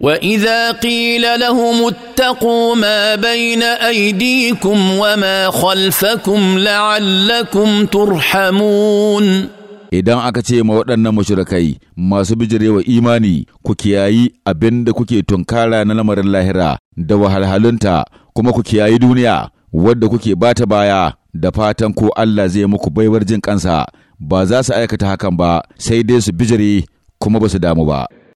واذا قيل لهم اتقوا ما بين ايديكم وما خلفكم لعلكم ترحمون idan aka ce ma waɗannan mashirakai masu bijirewa imani ku kiyayi abin da kuke tunkara na lamarin lahira da wahalhalunta kuma ku kiyayi duniya wadda kuke bata baya da fatan ko Allah zai muku baiwar jin kansa ba za su aikata hakan ba sai dai su bijire kuma ba su damu ba